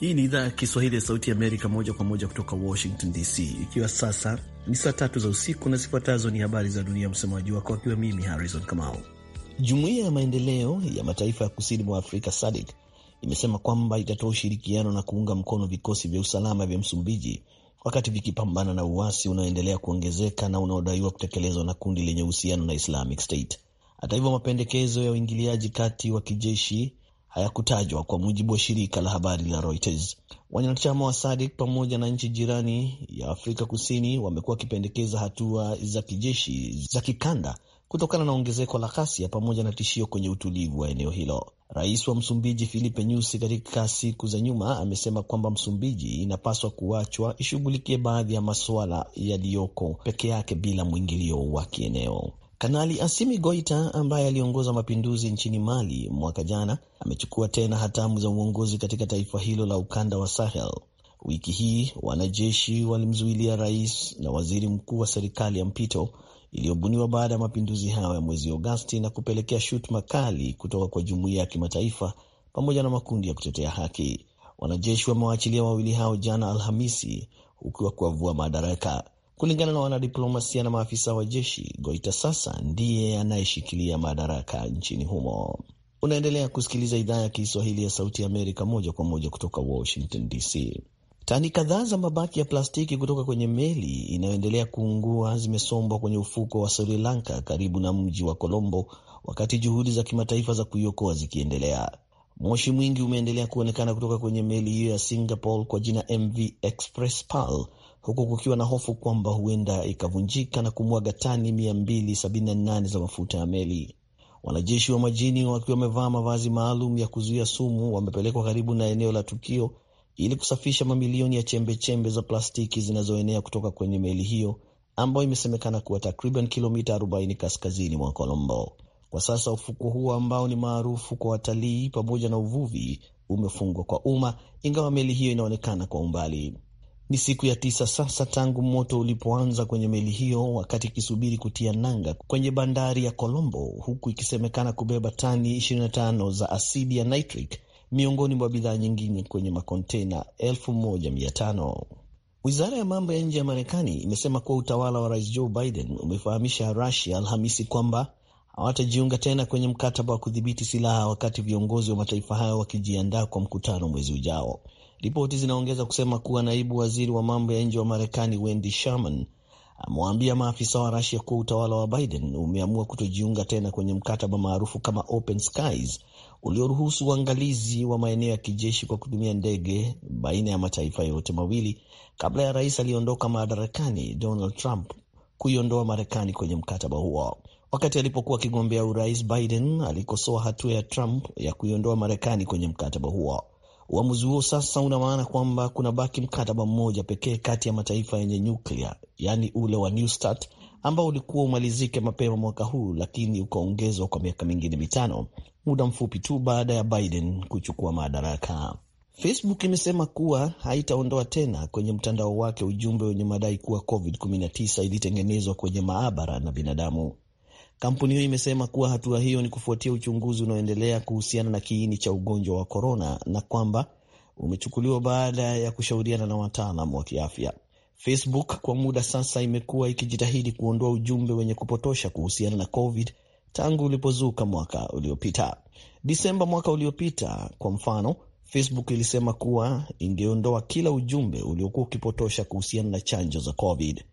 Hii ni idhaa ya Kiswahili ya Sauti ya Amerika, moja kwa moja kutoka Washington DC, ikiwa sasa ni saa tatu za usiku na zifuatazo ni habari za dunia. Msemaji wako akiwa mimi Harrison Kamau. Jumuiya ya Maendeleo ya Mataifa ya Kusini mwa Afrika SADC imesema kwamba itatoa ushirikiano na kuunga mkono vikosi vya usalama vya Msumbiji wakati vikipambana na uasi unaoendelea kuongezeka na unaodaiwa kutekelezwa na kundi lenye uhusiano na Islamic State. Hata hivyo, mapendekezo ya uingiliaji kati wa kijeshi hayakutajwa kwa mujibu wa shirika la habari la Reuters. Wanachama wa SADC pamoja na nchi jirani ya Afrika Kusini wamekuwa wakipendekeza hatua za kijeshi za kikanda kutokana na ongezeko la ghasia pamoja na tishio kwenye utulivu wa eneo hilo. Rais wa Msumbiji Filipe Nyusi katika siku za nyuma amesema kwamba Msumbiji inapaswa kuachwa ishughulikie baadhi ya masuala yaliyoko peke yake bila mwingilio wa kieneo. Kanali Asimi Goita ambaye aliongoza mapinduzi nchini Mali mwaka jana amechukua tena hatamu za uongozi katika taifa hilo la ukanda wa Sahel. Wiki hii wanajeshi walimzuilia rais na waziri mkuu wa serikali ya mpito iliyobuniwa baada ya mapinduzi hayo ya mwezi Agosti na kupelekea shutuma kali kutoka kwa jumuiya ya kimataifa pamoja na makundi ya kutetea haki. Wanajeshi wamewaachilia wawili hao jana Alhamisi, huku kuwavua madaraka. Kulingana na wanadiplomasia na maafisa wa jeshi, Goita sasa ndiye anayeshikilia madaraka nchini humo. Unaendelea kusikiliza idhaa ya Kiswahili ya Sauti ya Amerika moja kwa moja kutoka Washington DC. Tani kadhaa za mabaki ya plastiki kutoka kwenye meli inayoendelea kuungua zimesombwa kwenye ufuko wa Sri Lanka karibu na mji wa Colombo, wakati juhudi za kimataifa za kuiokoa zikiendelea. Moshi mwingi umeendelea kuonekana kutoka kwenye meli hiyo ya Singapore kwa jina MV Express Pearl huku kukiwa na hofu kwamba huenda ikavunjika na kumwaga tani 278 za mafuta ya meli. Wanajeshi wa majini wakiwa wamevaa mavazi maalum ya kuzuia sumu wamepelekwa karibu na eneo la tukio ili kusafisha mamilioni ya chembechembe -chembe za plastiki zinazoenea kutoka kwenye meli hiyo ambayo imesemekana kuwa takriban kilomita 40 kaskazini mwa Colombo. Kwa sasa ufukwe huo ambao ni maarufu kwa watalii pamoja na uvuvi umefungwa kwa umma, ingawa meli hiyo inaonekana kwa umbali. Ni siku ya tisa sasa tangu moto ulipoanza kwenye meli hiyo wakati ikisubiri kutia nanga kwenye bandari ya Colombo, huku ikisemekana kubeba tani 25 za asidi ya nitric miongoni mwa bidhaa nyingine kwenye makontena 1500. Wizara ya mambo ya nje ya Marekani imesema kuwa utawala wa rais Joe Biden umefahamisha Rusia Alhamisi kwamba hawatajiunga tena kwenye mkataba wa kudhibiti silaha wakati viongozi wa mataifa hayo wakijiandaa kwa mkutano mwezi ujao. Ripoti zinaongeza kusema kuwa naibu waziri wa mambo ya nje wa Marekani Wendy Sherman amewaambia maafisa wa Rasia kuwa utawala wa Biden umeamua kutojiunga tena kwenye mkataba maarufu kama Open Skies ulioruhusu uangalizi wa maeneo ya kijeshi kwa kutumia ndege baina ya mataifa yote mawili kabla ya rais aliyeondoka madarakani Donald Trump kuiondoa Marekani kwenye mkataba huo. Wakati alipokuwa akigombea urais, Biden alikosoa hatua ya Trump ya kuiondoa Marekani kwenye mkataba huo. Uamuzi huo sasa una maana kwamba kuna baki mkataba mmoja pekee kati ya mataifa yenye nyuklia, yaani ule wa New START ambao ulikuwa umalizike mapema mwaka huu, lakini ukaongezwa kwa miaka mingine mitano, muda mfupi tu baada ya Biden kuchukua madaraka. Facebook imesema kuwa haitaondoa tena kwenye mtandao wake ujumbe wenye madai kuwa COVID-19 ilitengenezwa kwenye maabara na binadamu. Kampuni hiyo imesema kuwa hatua hiyo ni kufuatia uchunguzi unaoendelea kuhusiana na kiini cha ugonjwa wa korona na kwamba umechukuliwa baada ya kushauriana na wataalam wa kiafya. Facebook kwa muda sasa imekuwa ikijitahidi kuondoa ujumbe wenye kupotosha kuhusiana na COVID tangu ulipozuka mwaka uliopita. Disemba mwaka uliopita, kwa mfano, Facebook ilisema kuwa ingeondoa kila ujumbe uliokuwa ukipotosha kuhusiana na chanjo za COVID.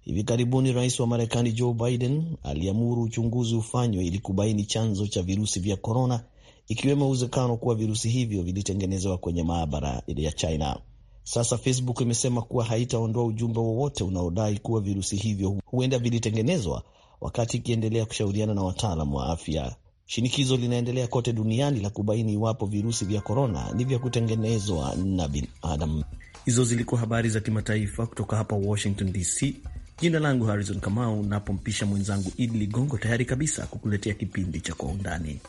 Hivi karibuni rais wa Marekani Joe Biden aliamuru uchunguzi ufanywe ili kubaini chanzo cha virusi vya korona, ikiwemo uwezekano kuwa virusi hivyo vilitengenezewa kwenye maabara ya China. Sasa Facebook imesema kuwa haitaondoa ujumbe wowote unaodai kuwa virusi hivyo huenda vilitengenezwa, wakati ikiendelea kushauriana na wataalam wa afya. Shinikizo linaendelea kote duniani la kubaini iwapo virusi vya korona ni vya kutengenezwa na binadamu. Hizo zilikuwa habari za kimataifa kutoka hapa Washington DC. Jina langu Harrison Kamau, napompisha mwenzangu Idi Ligongo tayari kabisa kukuletea kipindi cha Kwa Undani.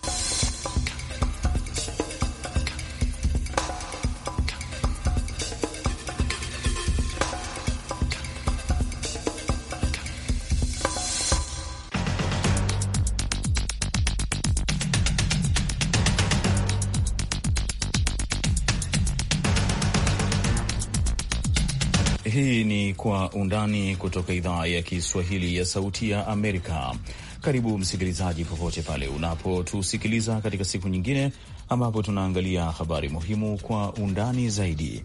undani kutoka idhaa ya Kiswahili ya Sauti ya Amerika. Karibu msikilizaji, popote pale unapotusikiliza katika siku nyingine ambapo tunaangalia habari muhimu kwa undani zaidi.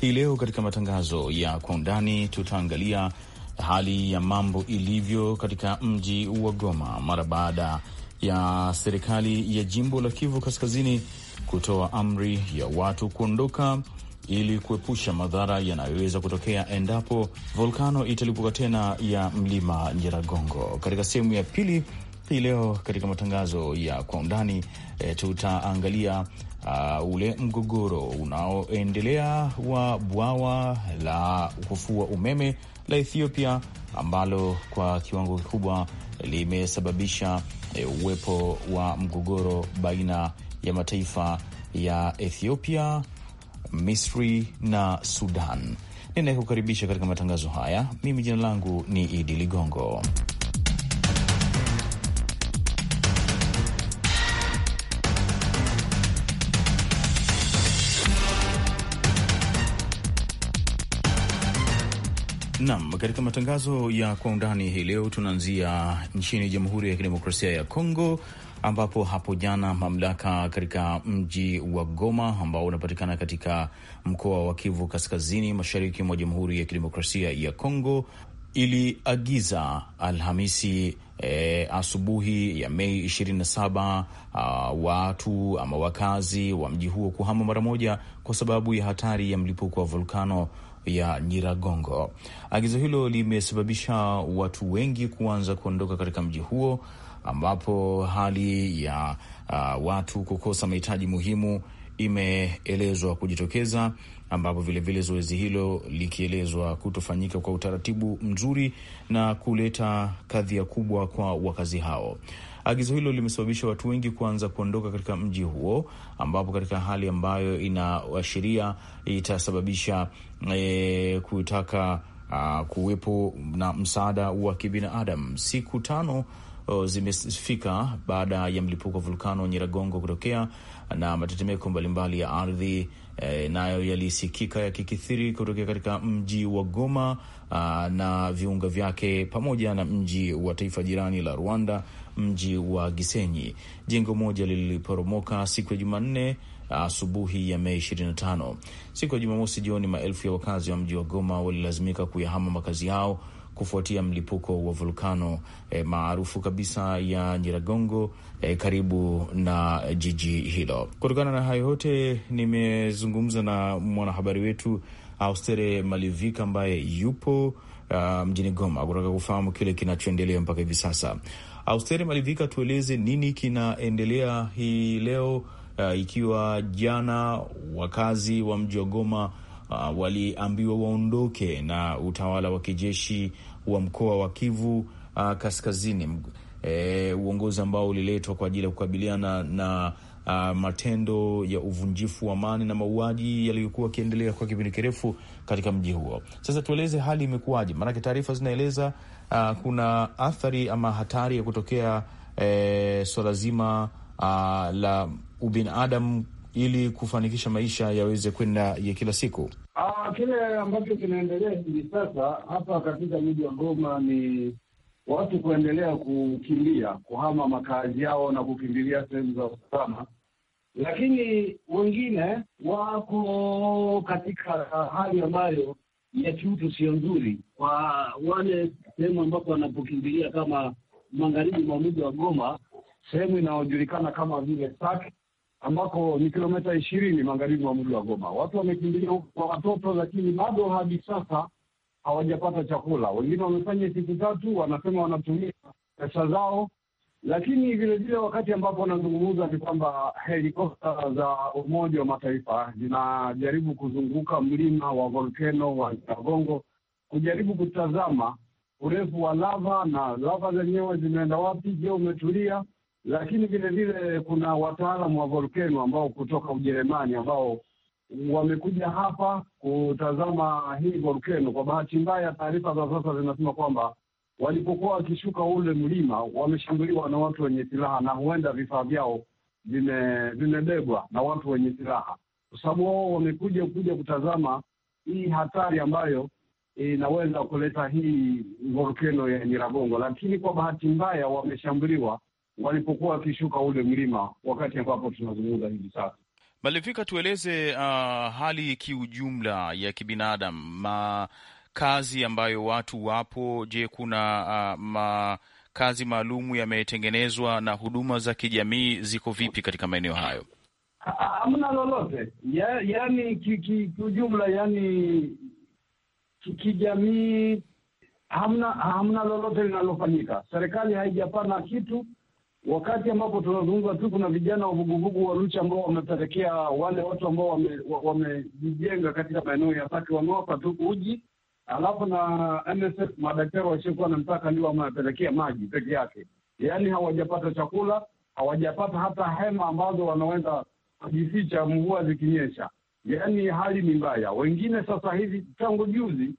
Hii leo katika matangazo ya kwa undani tutaangalia hali ya mambo ilivyo katika mji wa Goma mara baada ya serikali ya jimbo la Kivu Kaskazini kutoa amri ya watu kuondoka ili kuepusha madhara yanayoweza kutokea endapo volkano italipuka tena ya mlima Nyiragongo. Katika sehemu ya pili hii leo katika matangazo ya kwa undani e, tutaangalia uh, ule mgogoro unaoendelea wa bwawa la kufua umeme la Ethiopia ambalo kwa kiwango kikubwa limesababisha e, uwepo wa mgogoro baina ya mataifa ya Ethiopia Misri na Sudan. Ninayekukaribisha katika matangazo haya, mimi jina langu ni Idi Ligongo. Nam, katika matangazo ya kwa undani hii leo tunaanzia nchini Jamhuri ya Kidemokrasia ya Kongo ambapo hapo jana mamlaka katika mji wa Goma ambao unapatikana katika mkoa wa Kivu Kaskazini mashariki mwa Jamhuri ya Kidemokrasia ya Kongo iliagiza Alhamisi e, asubuhi ya Mei 27 ah, watu ama wakazi wa mji huo kuhama mara moja kwa sababu ya hatari ya mlipuko wa volkano ya Nyiragongo. Agizo hilo limesababisha watu wengi kuanza kuondoka katika mji huo ambapo hali ya uh, watu kukosa mahitaji muhimu imeelezwa kujitokeza, ambapo vilevile zoezi hilo likielezwa kutofanyika kwa utaratibu mzuri na kuleta kadhia kubwa kwa wakazi hao. Agizo hilo limesababisha watu wengi kuanza kuondoka katika mji huo, ambapo katika hali ambayo inaashiria itasababisha e, kutaka a, kuwepo na msaada wa kibinadamu. Siku tano zimefika baada ya mlipuko wa vulkano Nyiragongo kutokea na matetemeko mbalimbali ya ardhi e, nayo yalisikika yakikithiri kutokea katika mji wa Goma a, na viunga vyake pamoja na mji wa taifa jirani la Rwanda mji wa Gisenyi, jengo moja liliporomoka siku ya Jumanne asubuhi ya Mei 25. Siku ya Jumamosi jioni, maelfu ya wakazi wa mji wa Goma walilazimika kuyahama makazi yao kufuatia mlipuko wa volkano eh, maarufu kabisa ya Nyiragongo eh, karibu na jiji hilo. Kutokana na hayo yote, nimezungumza na mwanahabari wetu Austere Malivika ambaye yupo uh, mjini Goma kutaka kufahamu kile kinachoendelea mpaka hivi sasa. Austeri Malivika, tueleze nini kinaendelea hii leo, uh, ikiwa jana wakazi wa mji wa Goma uh, waliambiwa waondoke na utawala wa kijeshi wa mkoa wa Kivu uh, kaskazini, e, uongozi ambao uliletwa kwa ajili ya kukabiliana na uh, matendo ya uvunjifu wa amani na mauaji yaliyokuwa yakiendelea kwa kipindi kirefu katika mji huo. Sasa tueleze hali imekuwaje, maanake taarifa zinaeleza uh, kuna athari ama hatari ya kutokea eh, swala zima uh, la ubinadamu ili kufanikisha maisha yaweze kwenda ya kila siku. kile ambacho kinaendelea hivi sasa hapa katika mji wa Goma ni watu kuendelea kukimbia, kuhama makazi yao na kukimbilia sehemu za usalama, lakini wengine wako katika hali ambayo ya kiutu sio nzuri, kwa wale sehemu ambapo wanapokimbilia kama magharibi mwa mji wa Goma, sehemu inayojulikana kama vile Sak, ambako ni kilomita ishirini magharibi mwa mji wa Goma. Watu wamekimbilia huko kwa watoto, lakini bado hadi sasa hawajapata chakula. Wengine wamefanya siku tatu, wanasema wanatumia pesa zao lakini vilevile wakati ambapo wanazungumza ni kwamba helikopta za Umoja wa Mataifa zinajaribu kuzunguka mlima wa volkeno wa Nyiragongo kujaribu kutazama urefu wa lava na lava zenyewe zimeenda wapi? Je, umetulia? Lakini vilevile kuna wataalamu wa volkeno ambao kutoka Ujerumani ambao wamekuja hapa kutazama hii volkeno. Kwa bahati mbaya, taarifa za sasa zinasema kwamba walipokuwa wakishuka ule mlima wameshambuliwa na watu wenye silaha, na huenda vifaa vyao vimebebwa na watu wenye silaha, kwa sababu wao wamekuja kuja kutazama hii hatari ambayo inaweza kuleta hii volkeno ya Nyiragongo, lakini kwa bahati mbaya wameshambuliwa walipokuwa wakishuka ule mlima, wakati ambapo tunazungumza hivi sasa. Malivika, tueleze uh, hali kiujumla ya kibinadamu ma kazi ambayo watu wapo? Je, kuna uh, ah, makazi maalumu yametengenezwa na huduma za kijamii ziko vipi katika maeneo hayo? Hamna lolote ya, yani kiujumla ki, yani kijamii hamna hamna lolote linalofanyika. Serikali haijapana kitu. Wakati ambapo tunazungumza tu, kuna vijana wa vuguvugu wa Lucha ambao wamepelekea wale watu ambao wamejijenga wame katika maeneo ya Paki, wamewapa tu uji alafu na NSF madaktari na mtaka ndio wanapelekea maji peke yake, yaani hawajapata chakula, hawajapata hata hema ambazo wanaweza kujificha mvua zikinyesha. Yaani hali ni mbaya. Wengine sasa hivi tangu juzi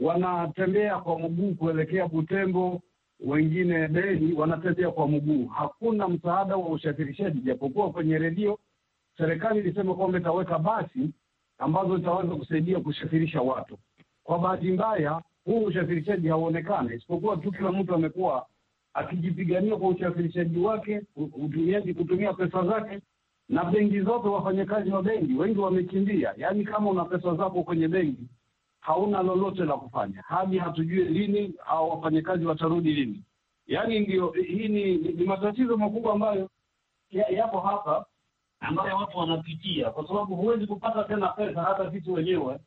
wanatembea kwa mguu kuelekea Butembo, wengine Beni wanatembea kwa mguu. Hakuna msaada wa usafirishaji, japokuwa kwenye redio serikali ilisema kwamba itaweka basi ambazo zitaweza kusaidia kusafirisha watu kwa bahati mbaya, huu usafirishaji hauonekane, isipokuwa tu kila mtu amekuwa akijipigania kwa usafirishaji wake, utumiaji, kutumia pesa zake, na benki zote, wafanyakazi wa benki wengi wamekimbia. Yaani, kama una pesa zako kwenye benki hauna lolote la kufanya, hadi hatujue lini au wafanyakazi watarudi lini. Yaani ndio hii ni, ni matatizo makubwa ambayo yapo hapa ambayo watu wanapitia, kwa sababu huwezi kupata tena pesa hata sisi wenyewe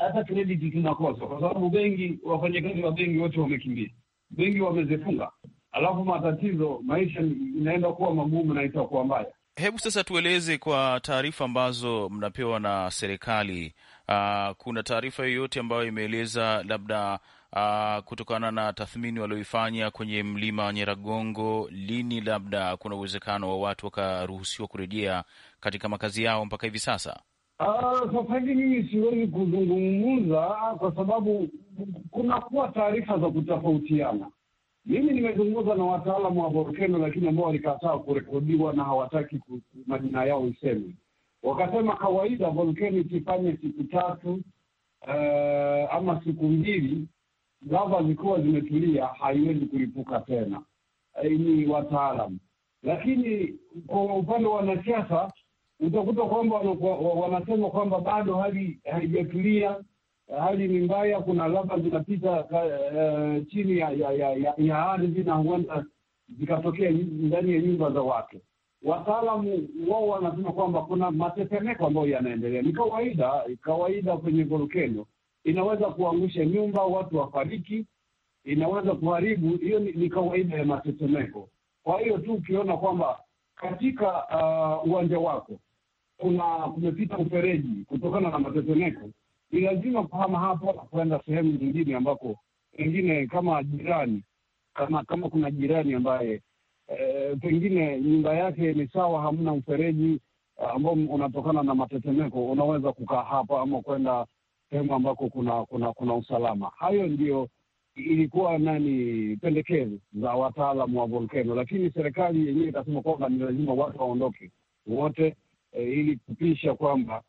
hata credit tunakosa, kwa sababu benki, wafanyakazi wa benki wote wamekimbia, benki wamezifunga, alafu matatizo, maisha inaenda kuwa magumu na itakuwa mbaya. Hebu sasa tueleze kwa taarifa ambazo mnapewa na serikali, uh, kuna taarifa yoyote ambayo imeeleza labda Uh, kutokana na tathmini walioifanya kwenye mlima wa Nyeragongo, lini labda kuna uwezekano wa watu wakaruhusiwa kurejea katika makazi yao mpaka hivi sasa? Ah, sasa hivi mimi siwezi kuzungumza kwa sababu kunakuwa taarifa za kutofautiana. Mimi nimezungumza na wataalamu wa volkeno, lakini ambao walikataa kurekodiwa na hawataki majina yao iseme. Wakasema kawaida volkeno ikifanye siku tatu uh, ama siku mbili, lava zikiwa zimetulia haiwezi kulipuka tena. Eh, ni wataalamu, lakini kwa upande wa wanasiasa utakuta kwamba wanasema kwamba bado hali haijatulia, hali ni mbaya, kuna lava zinapita uh, chini ya, ya, ya, ya, ya ardhi na huenda zikatokea ndani ya nyumba za watu. Wataalamu wao wanasema kwamba kuna matetemeko ambayo yanaendelea, ni kawaida kawaida kwenye volkeno, inaweza kuangusha nyumba, watu wafariki, inaweza kuharibu. Hiyo ni, ni kawaida ya matetemeko. Kwa hiyo tu ukiona kwamba katika ah, uwanja uh, wako kuna kumepita ufereji kutokana na matetemeko, ni lazima kuhama hapo na kuenda sehemu nyingine ambako pengine kama jirani kama kama kuna jirani ambaye e, pengine nyumba yake ni sawa, hamna mfereji eh, ambao unatokana na matetemeko, unaweza kukaa hapa ama kwenda sehemu ambako kuna kuna kuna usalama. Hayo ndio ilikuwa nani pendekezo za wataalamu wa volkeno, lakini serikali yenyewe ikasema kwamba ni lazima watu waondoke wote eh, ili kupisha kwamba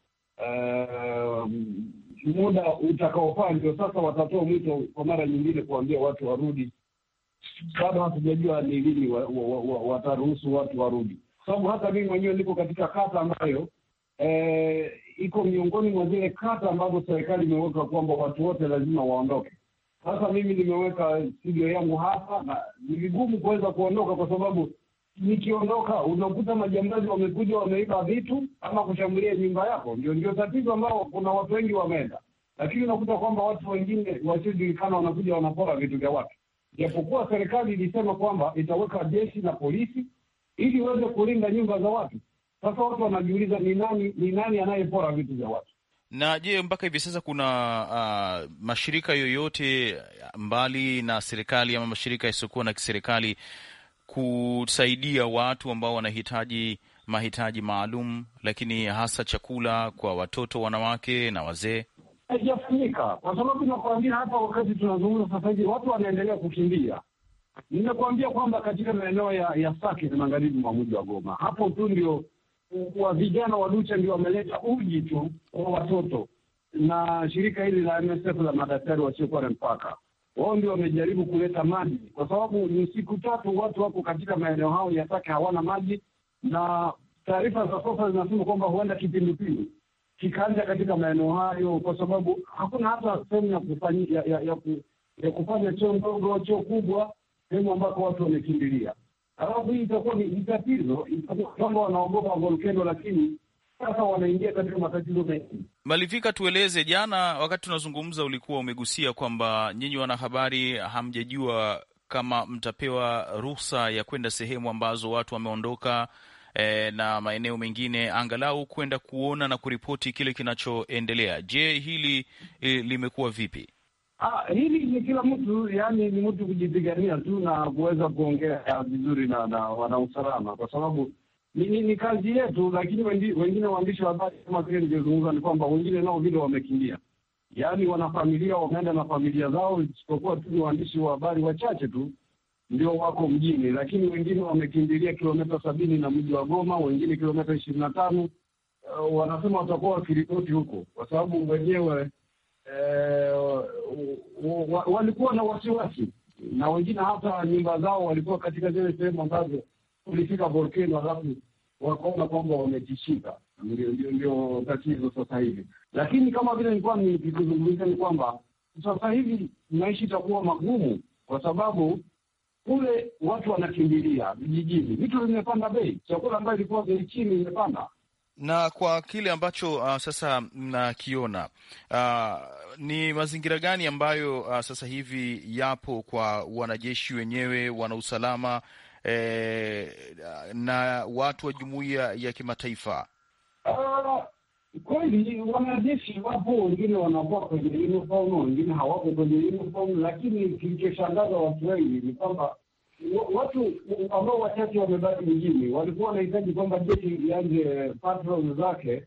eh, muda utakaofaa ndio sasa watatoa mwito kwa mara nyingine kuambia watu warudi. Bado hatujajua ni lini wataruhusu wa, wa, wa, watu warudi, kwa sababu hata mimi mwenyewe niko katika kata ambayo eh, iko miongoni mwa zile kata ambazo serikali imeweka kwamba watu wote lazima waondoke. Sasa mimi nimeweka studio yangu hapa na ni vigumu kuweza kuondoka kwa sababu nikiondoka unakuta majambazi wamekuja wameiba vitu ama kushambulia nyumba yako. Ndio ndio tatizo ambao kuna watu wengi wameenda, lakini unakuta kwamba watu wengine wasiojulikana wanakuja wanapora vitu vya watu, japokuwa serikali ilisema kwamba itaweka jeshi na polisi ili iweze kulinda nyumba za watu. Sasa watu wanajiuliza ni nani, ni nani anayepora vitu vya watu? Na je, mpaka hivi sasa kuna uh, mashirika yoyote mbali na serikali ama mashirika yasiyokuwa na kiserikali kusaidia watu ambao wanahitaji mahitaji maalum, lakini hasa chakula kwa watoto, wanawake na wazee haijafanyika kwa sababu nakuambia, hapa wakati tunazungumza sasa hivi watu wanaendelea kukimbia. Nimekuambia kwamba katika maeneo ya, ya Sake ni magharibi mwa mji wa Goma, hapo tu ndio uh, wa vijana wa Lucha ndio wameleta uji tu kwa watoto na shirika hili la MSF la madaktari wasiokuwa na mpaka wao ndio wamejaribu kuleta maji, kwa sababu ni siku tatu watu wako katika maeneo hao ya Sake hawana maji, na taarifa za sasa zinasema kwamba huenda kipindupindu kikanja katika maeneo hayo, kwa sababu hakuna hata sehemu ya kufanya ya, ya, ya, ya kufanya choo ndogo, choo kubwa, sehemu ambako watu wamekimbilia. Halafu hii itakuwa ni tatizo, itakuwa kwamba wanaogopa volkeno, lakini sasa wanaingia katika matatizo mengi. Malivika, tueleze, jana wakati tunazungumza ulikuwa umegusia kwamba nyinyi wanahabari hamjajua kama mtapewa ruhusa ya kwenda sehemu ambazo watu wameondoka eh, na maeneo mengine, angalau kwenda kuona na kuripoti kile kinachoendelea. Je, hili eh, limekuwa vipi? Ah, hili ni kila mtu yani, ni mtu kujipigania tu na kuweza kuongea vizuri na, na wanausalama kwa sababu ni, ni, ni kazi yetu, lakini wengine waandishi wa habari kama vile nilivyozungumza ni kwamba wengine nao vile wamekimbia, yaani wanafamilia wameenda na familia zao, isipokuwa tu ni waandishi wa habari wachache tu ndio wako mjini, lakini wengine wamekimbilia kilomita sabini na mji wa Goma, wengine kilomita ishirini na tano. Uh, wanasema watakuwa wakiripoti huko kwa sababu wenyewe eh, walikuwa na wasiwasi, na wengine hata nyumba zao walikuwa katika zile sehemu ambazo kulifika volcano halafu wakaona kwamba wamejishika. Ndio, ndio, ndio tatizo sasa hivi. Lakini kama vile nilikuwa nikizungumza ni kwamba sasa hivi maisha itakuwa magumu, kwa sababu kule watu wanakimbilia vijijini, vitu vimepanda bei, chakula ambayo ilikuwa bei chini imepanda na kwa kile ambacho uh, sasa mnakiona uh, ni mazingira gani ambayo uh, sasa hivi yapo kwa wanajeshi wenyewe, wana usalama e, na watu wa jumuiya ya kimataifa? Uh, kweli wanajeshi wapo, wengine wanakuwa kwenye uniform, wengine hawako kwenye uniform, lakini kilichoshangaza watu wengi ni kwamba watu ambao wachache wamebaki mjini walikuwa wanahitaji kwamba jeshi lianze eh, patrol zake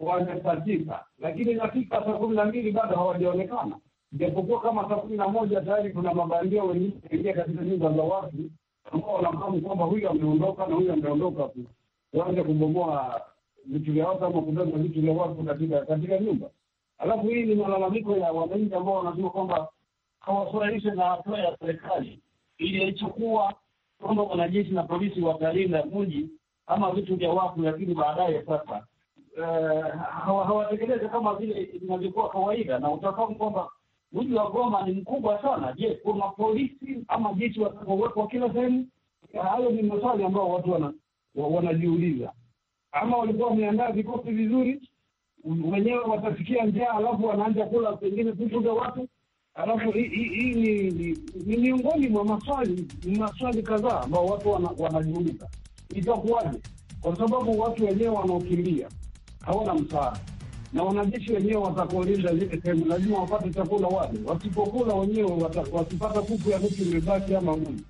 wamesajika, lakini nafika saa kumi na mbili bado hawajaonekana, japokuwa kama saa kumi na moja tayari kuna mabandia wengine kuingia katika nyumba za watu ambao wanafahamu kwamba huyu ameondoka na huyu ameondoka tu, waanze kubomoa vitu vya watu ama kubeba vitu vya watu katika katika nyumba. Alafu hii ni malalamiko ya wananchi ambao wanasema kwamba hawafurahishe na hatua ya serikali iliyochukua kwamba wanajeshi na polisi watalinda mji ama vitu vya watu, lakini baadaye sasa eh, hawatekeleze kama vile inavyokuwa kawaida, na utafahamu kwamba mji wa Goma ni mkubwa sana. Je, kuna polisi ama jeshi watakaowekwa kila sehemu? Hayo ni maswali ambayo watu wanajiuliza. Ama walikuwa wameandaa vikosi vizuri, wenyewe watafikia njaa, alafu wanaanza kula pengine kutu watu. Alafu hii ni miongoni mwa maswali maswali kadhaa ambao watu wanajiuliza, itakuwaje? Kwa sababu watu wenyewe wanaokimbia hawana msaada na wanajeshi wenyewe watakuonyesha zile sehemu lazima wapate chakula wale. Wasipokula wenyewe wakipata kuku ya mtu imebaki ama muni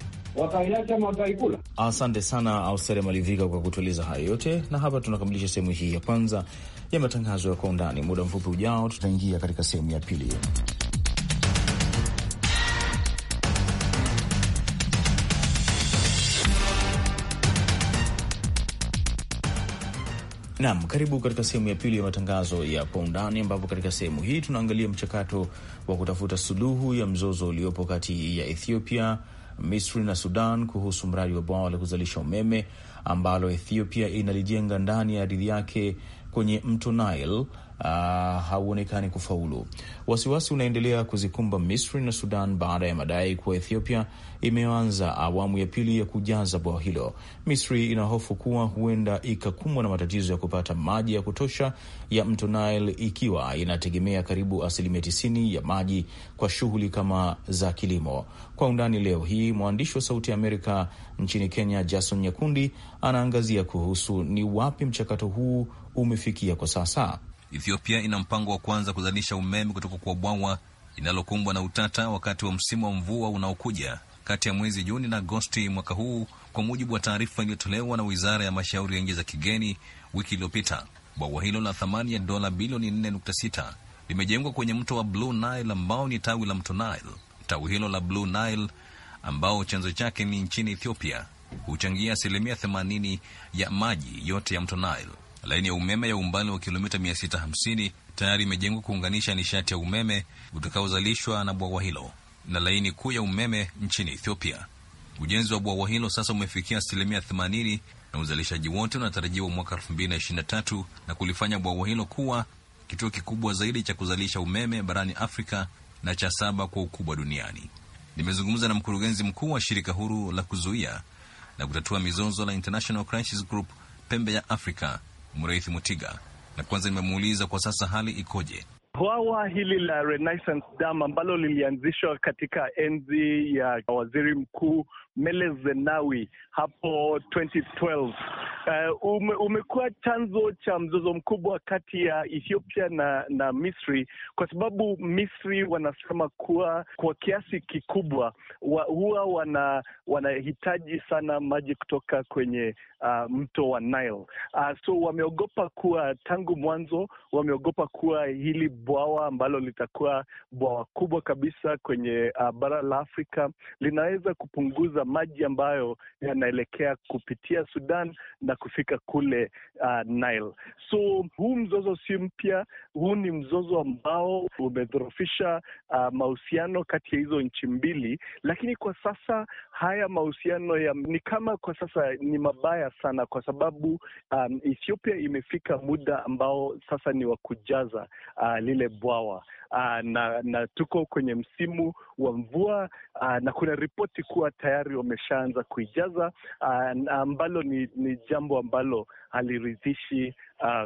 ama wataikula. Asante sana Austere Malivika kwa kutueleza hayo yote, na hapa tunakamilisha sehemu hii ya kwanza ya matangazo ya Kwa Undani. Muda mfupi ujao, tutaingia katika sehemu ya pili. Naam, karibu katika sehemu ya pili ya matangazo ya kwa undani, ambapo katika sehemu hii tunaangalia mchakato wa kutafuta suluhu ya mzozo uliopo kati ya Ethiopia, Misri na Sudan kuhusu mradi wa bwawa la kuzalisha umeme ambalo Ethiopia inalijenga ndani ya ardhi yake kwenye mto Nile uh, hauonekani kufaulu. Wasiwasi unaendelea kuzikumba Misri na Sudan baada ya madai kuwa Ethiopia imeanza awamu ya pili ya kujaza bwawa hilo. Misri ina hofu kuwa huenda ikakumbwa na matatizo ya kupata maji ya kutosha ya mto Nile, ikiwa inategemea karibu asilimia tisini ya maji kwa shughuli kama za kilimo. Kwa undani leo hii, mwandishi wa Sauti ya Amerika nchini Kenya, Jason Nyakundi, anaangazia kuhusu ni wapi mchakato huu umefikia kwa sasa. Ethiopia ina mpango wa kwanza kuzalisha umeme kutoka kwa bwawa linalokumbwa na utata wakati wa msimu wa mvua unaokuja kati ya mwezi Juni na Agosti mwaka huu, kwa mujibu wa taarifa iliyotolewa na wizara ya mashauri ya nje za kigeni wiki iliyopita. Bwawa hilo la thamani ya dola bilioni 4.6 limejengwa kwenye mto wa Blue Nile ambao ni tawi la mto Nile. Tawi hilo la Blue Nile ambao chanzo chake ni nchini Ethiopia huchangia asilimia 80 ya maji yote ya mto Nile. Laini ya umeme ya umbali wa kilomita 650 tayari imejengwa kuunganisha nishati ya umeme utakaozalishwa na bwawa hilo na laini kuu ya umeme nchini Ethiopia. Ujenzi wa bwawa hilo sasa umefikia asilimia 80 na uzalishaji wote unatarajiwa mwaka 2023 na kulifanya bwawa hilo kuwa kituo kikubwa zaidi cha kuzalisha umeme barani Afrika na cha saba kwa ukubwa duniani. Nimezungumza na mkurugenzi mkuu wa shirika huru la kuzuia na kutatua mizozo la International Crisis Group pembe ya Afrika Muriithi Mutiga, na kwanza nimemuuliza kwa sasa hali ikoje? Bwawa hili la Renaissance Dam ambalo lilianzishwa katika enzi ya waziri mkuu Mele Zenawi hapo 2012. Uh, ume, umekuwa chanzo cha mzozo mkubwa kati ya Ethiopia na, na Misri kwa sababu Misri wanasema kuwa kwa kiasi kikubwa wa, huwa wana wanahitaji sana maji kutoka kwenye uh, mto wa Nile. Uh, so wameogopa kuwa tangu mwanzo wameogopa kuwa hili bwawa ambalo litakuwa bwawa kubwa kabisa kwenye uh, bara la Afrika linaweza kupunguza kupunguza maji ambayo yanaelekea kupitia Sudan na kufika kule uh, Nile. So huu mzozo si mpya, huu ni mzozo ambao umedhorofisha uh, mahusiano kati ya hizo nchi mbili, lakini kwa sasa haya mahusiano ya, ni kama kwa sasa ni mabaya sana, kwa sababu um, Ethiopia imefika muda ambao sasa ni wa kujaza uh, lile bwawa uh, na, na tuko kwenye msimu wa mvua uh, na kuna ripoti kuwa tayari tayari wameshaanza kuijaza uh, ambalo ni, ni jambo ambalo haliridhishi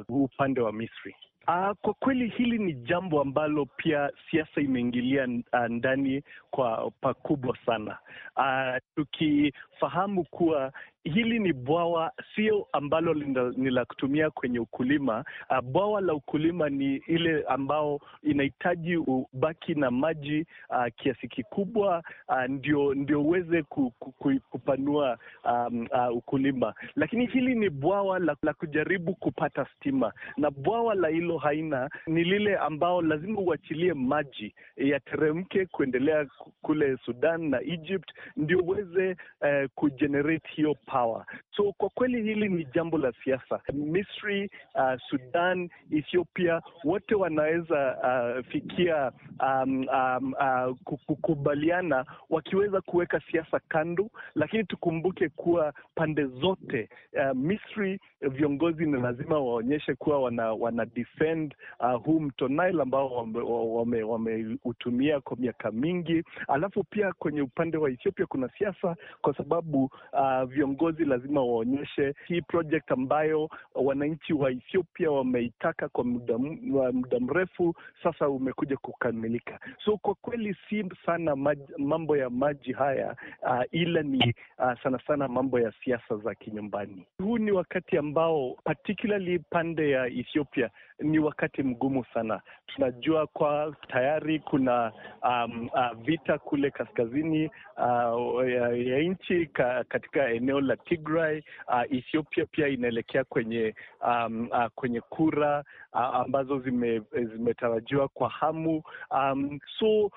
uh, upande wa Misri. Uh, kwa kweli hili ni jambo ambalo pia siasa imeingilia uh, ndani kwa pakubwa sana. Uh, tukifahamu kuwa hili ni bwawa sio ambalo ni la kutumia kwenye ukulima. Uh, bwawa la ukulima ni ile ambao inahitaji ubaki na maji uh, kiasi kikubwa uh, ndio ndio uweze ku, ku, ku, kupanua um, uh, ukulima, lakini hili ni bwawa la, la kujaribu kupata stima, na bwawa la hilo haina ni lile ambao lazima uachilie maji yateremke kuendelea kule Sudan na Egypt ndio uweze uh, eh, kujenerate hiyo power. So kwa kweli hili ni jambo la siasa. Misri, uh, Sudan, Ethiopia wote wanaweza uh, fikia um, um, uh, kukubaliana wakiweza kuweka siasa kando, lakini tukumbuke kuwa pande zote uh, Misri viongozi ni lazima waonyeshe kuwa wana, wana defend uh, huu mto Nile ambao wameutumia wame, wame kwa miaka mingi, alafu pia kwenye upande wa Ethiopia kuna siasa kwa sababu uh, viongozi viongozi lazima waonyeshe hii project ambayo wananchi wa Ethiopia wameitaka kwa muda mrefu sasa umekuja kukamilika. So kwa kweli si sana maj, mambo ya maji haya uh, ila ni uh, sana sana mambo ya siasa za kinyumbani. Huu ni wakati ambao particularly pande ya Ethiopia ni wakati mgumu sana. Tunajua kwa tayari kuna um, uh, vita kule kaskazini uh, ya, ya nchi ka, katika eneo la Tigray. Uh, Ethiopia pia inaelekea kwenye um, uh, kwenye kura ambazo zime, zimetarajiwa kwa hamu um, so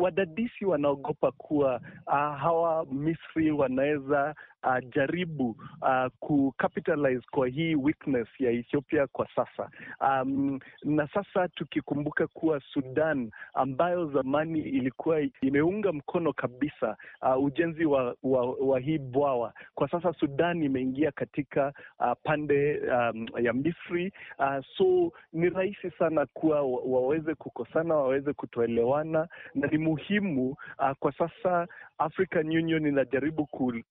wadadisi wanaogopa kuwa uh, hawa Misri wanaweza uh, jaribu uh, kucapitalize kwa hii weakness ya Ethiopia kwa sasa um, na sasa tukikumbuka kuwa Sudan ambayo zamani ilikuwa imeunga mkono kabisa uh, ujenzi wa, wa, wa hii bwawa, kwa sasa Sudan imeingia katika uh, pande um, ya Misri uh, so ni rahisi sana kuwa waweze kukosana, waweze kutoelewana, na ni muhimu uh, kwa sasa African Union inajaribu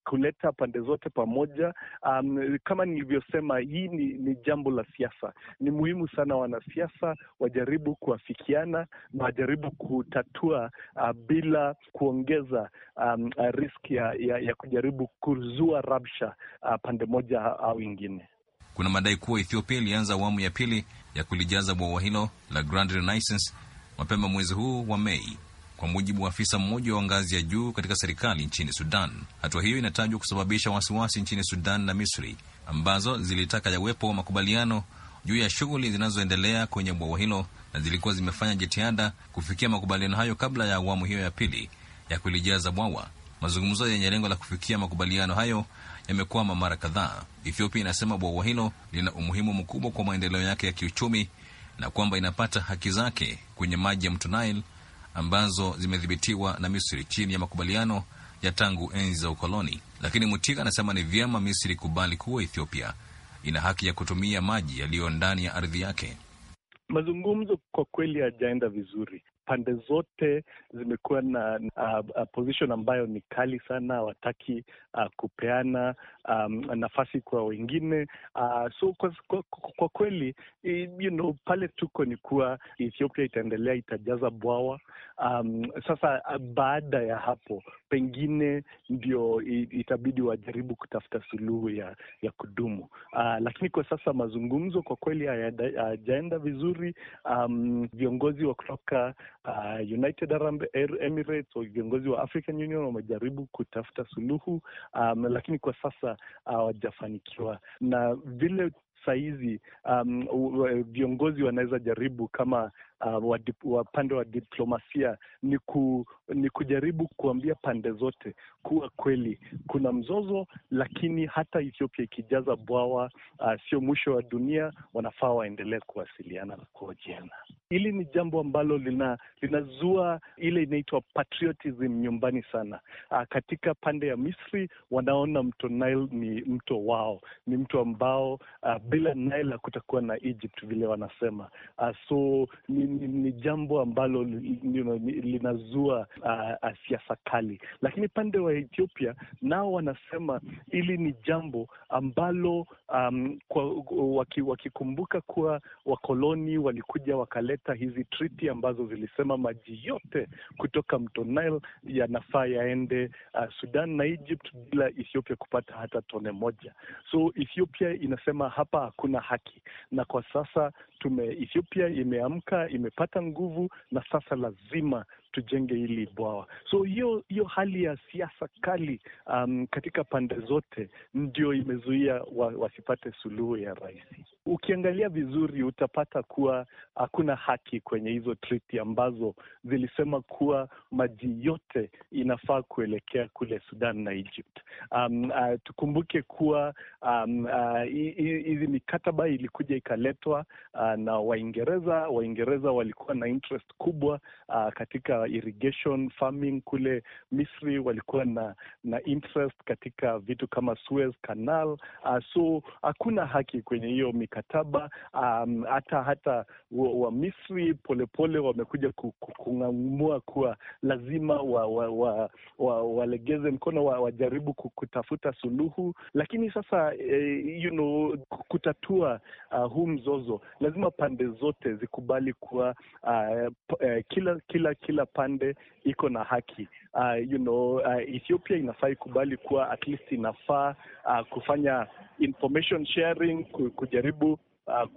kuleta pande zote pamoja. Um, kama nilivyosema, hii ni, ni jambo la siasa. Ni muhimu sana wanasiasa wajaribu kuafikiana na wajaribu kutatua uh, bila kuongeza um, uh, riski ya, ya, ya kujaribu kuzua rabsha uh, pande moja au ingine. Kuna madai kuwa Ethiopia ilianza awamu ya pili ya kulijaza bwawa hilo la Grand Renaissance mapema mwezi huu wa Mei, kwa mujibu wa afisa mmoja wa ngazi ya juu katika serikali nchini Sudan. Hatua hiyo inatajwa kusababisha wasiwasi nchini Sudan na Misri ambazo zilitaka yawepo makubaliano juu ya shughuli zinazoendelea kwenye bwawa hilo na zilikuwa zimefanya jitihada kufikia makubaliano hayo kabla ya awamu hiyo ya pili ya kulijaza bwawa. Mazungumzo yenye lengo la kufikia makubaliano hayo yamekwama mara kadhaa. Ethiopia inasema bwawa hilo lina umuhimu mkubwa kwa maendeleo yake ya kiuchumi na kwamba inapata haki zake kwenye maji ya mto Nile ambazo zimedhibitiwa na Misri chini ya makubaliano ya tangu enzi za ukoloni. Lakini Mutika anasema ni vyema Misri kubali kuwa Ethiopia ina haki ya kutumia maji yaliyo ndani ya ardhi yake. Mazungumzo kwa kweli hajaenda vizuri, pande zote zimekuwa na uh, position ambayo ni kali sana, hawataki uh, kupeana um, nafasi kwa wengine uh, so kwa, kwa, kwa kweli you know, pale tuko ni kuwa Ethiopia itaendelea itajaza bwawa um, sasa baada ya hapo pengine ndio itabidi wajaribu kutafuta suluhu ya, ya kudumu uh, lakini kwa sasa mazungumzo kwa kweli hayajaenda vizuri um, viongozi wa kutoka uh, United Arab Emirates wa viongozi wa African Union wamejaribu kutafuta suluhu um, lakini kwa sasa hawajafanikiwa uh, na vile sahizi um, viongozi wanaweza jaribu kama uh, wa upande wa diplomasia ni, ku, ni kujaribu kuambia pande zote kuwa kweli kuna mzozo, lakini hata Ethiopia ikijaza bwawa uh, sio mwisho wa dunia, wanafaa waendelee kuwasiliana na kuhojiana. Hili ni jambo ambalo lina, linazua ile inaitwa patriotism nyumbani sana. Uh, katika pande ya Misri wanaona mto Nile ni mto wao, ni mto ambao uh, bila Nile hakutakuwa na Egypt vile wanasema uh, so ni ni, ni jambo ambalo linazua uh, siasa kali, lakini pande wa Ethiopia nao wanasema hili ni jambo ambalo um, kwa, waki, wakikumbuka kuwa wakoloni walikuja wakaleta hizi triti ambazo zilisema maji yote kutoka mto Nile yanafaa yaende uh, Sudan na Egypt bila Ethiopia kupata hata tone moja. So Ethiopia inasema hapa hakuna haki, na kwa sasa tume Ethiopia imeamka imepata nguvu na sasa lazima tujenge hili bwawa. So hiyo hiyo hali ya siasa kali um, katika pande zote ndio imezuia wa, wasipate suluhu ya rahisi ukiangalia vizuri utapata kuwa hakuna haki kwenye hizo triti ambazo zilisema kuwa maji yote inafaa kuelekea kule Sudan na Egypt. Um, uh, tukumbuke kuwa um, uh, hizi mikataba ilikuja ikaletwa uh, na Waingereza. Waingereza walikuwa na interest kubwa uh, katika irrigation farming kule Misri, walikuwa na na interest katika vitu kama Suez Canal. Uh, so hakuna haki kwenye hiyo mikataba mikataba um, hata hata Wamisri misri polepole wamekuja kung'amua kuwa lazima walegeze wa, wa, wa mkono wa, wajaribu kutafuta suluhu, lakini sasa eh, you know, kutatua uh, huu mzozo lazima pande zote zikubali kuwa uh, uh, kila kila kila pande iko na haki uh, you know, uh, Ethiopia inafaa ikubali kuwa at least inafaa uh, kufanya information sharing, kujaribu Uh, ah,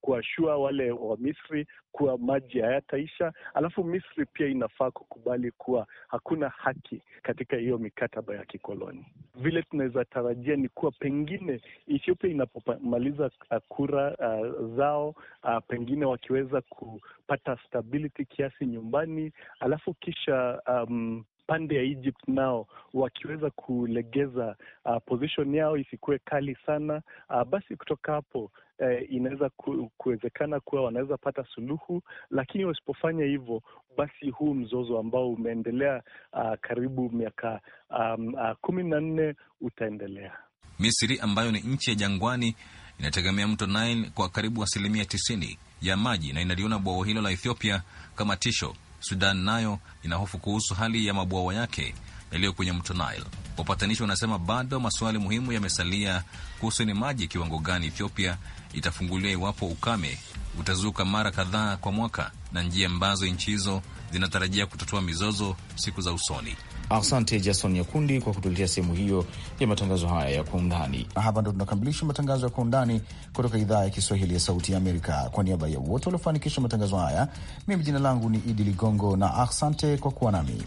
kuashua wale wa Misri kuwa maji hayataisha. Alafu Misri pia inafaa kukubali kuwa hakuna haki katika hiyo mikataba ya kikoloni. Vile tunaweza tarajia ni kuwa pengine Ethiopia inapomaliza ah, kura uh, zao uh, pengine wakiweza kupata stability kiasi nyumbani, alafu kisha um, pande ya Egypt nao wakiweza kulegeza uh, position yao isikuwe kali sana uh, basi kutoka hapo uh, inaweza kuwezekana kuwa wanaweza pata suluhu, lakini wasipofanya hivyo, basi huu mzozo ambao umeendelea uh, karibu miaka um, uh, kumi na nne utaendelea. Misri ambayo ni nchi ya jangwani inategemea mto Nile kwa karibu asilimia tisini ya maji na inaliona bwawa hilo la Ethiopia kama tisho Sudan nayo ina hofu kuhusu hali ya mabwawa yake yaliyo kwenye mto Nile. Wapatanishi wanasema bado maswali muhimu yamesalia kuhusu ni maji kiwango gani Ethiopia itafungulia iwapo ukame utazuka mara kadhaa kwa mwaka na njia ambazo nchi hizo zinatarajia kutatua mizozo siku za usoni. Asante Jason Nyakundi kwa kutuletea sehemu hiyo ya matangazo haya ya kwa undani, hapa ndo tunakamilisha matangazo ya kwa undani kutoka idhaa ya Kiswahili ya Sauti ya Amerika. Kwa niaba ya wote waliofanikisha matangazo haya, mimi jina langu ni Idi Ligongo na asante kwa kuwa nami.